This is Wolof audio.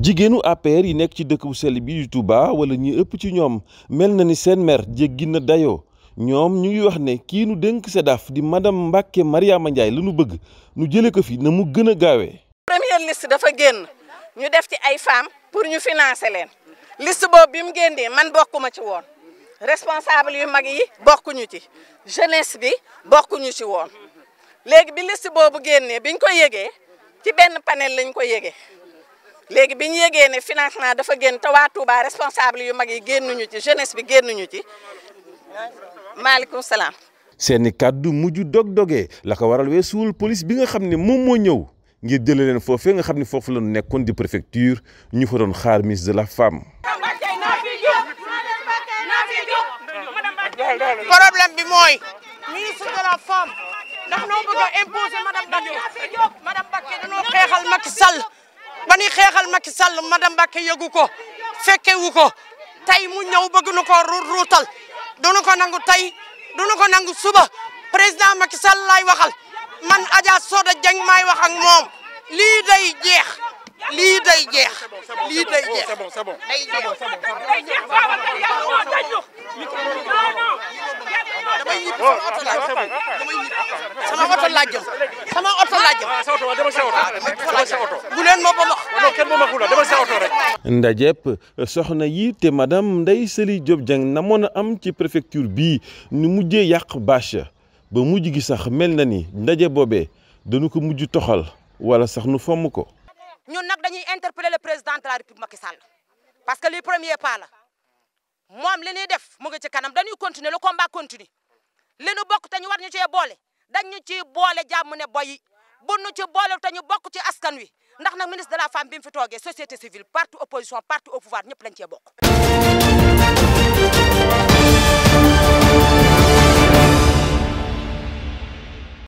jigéenu APR yi nekk ci dëkk bu sell bi di Touba wala ñi ëpp ci ñoom mel na ni seen mer jéggi na dayoo ñoom ñu ngi wax ne kii nu dénk SEDAF di madame Mbacke Mariama Ndiaye la ñu bëgg nu jële ko fi na mu gën a gaawee. première dafa génn ñu def ci ay femmes pour ñu financer leen liste boobu bi mu génnee man bokkuma ci woon responsable yu mag yi bokkuñu ci jeunesse bi bokkuñu ci woon léegi bi liste boobu génnee biñ ko yëgee ci benn panel lañ ko yëgee. léegi bi ñu yégee ne financement dafa génn te waa Touba responsable yu mag yi génnuñu ci jeunesse bi génnuñu ci maaleykum salaam. seeni kàddu mujj dog-dogee la ko waral weesuwul police bi nga xam ne moom moo ñëw ngir jëlee leen foofee nga xam ne foofu la nekkoon di préfecture ñu fa doon xaar ministre de la femme. problème bi mooy ministre de la femme ndax noo bëgg a imposer madame Bakke madame Bakke dañoo xeexal Macky Sall. ba ñuy xeexal Macky Sall madame Mbacké yëgu ko fekkewu ko tey mu ñëw bëgg nu ko ruutal duñu ko nangu tey duñu ko nangu suba président Macky Sall laay waxal man Adja Soda Dieng may wax ak moom lii day jeex lii day jeex lii day jeex day jeex oto laa jëm sama oto laa jëm sama oto ah, laa jëm bu leen ma ah, soxna yi te madame Ndeye Saly Diop Dieng namoon a am ci préfecture bii nu mujjee yàq bâche ba mujj gi sax mel na ni ndaje boobee dañu ko mujj toxal wala sax nu fomm ko ñun nag dañuy interpeller le président de la république Macky Sall parce que lii premier pas la moom li ñuy def mu ngi ci kanam dañuy continuer le combat continue li nu bokk te ñu war ñu cee boole dañ ñu ciy boole jàmm ne boyi bu nu ci boole te ñu bokk ci askan wi ndax nag ministre de la femme bi fi toogee société civile parti opposition parti au pouvoir ñëpp lañ cee bokk.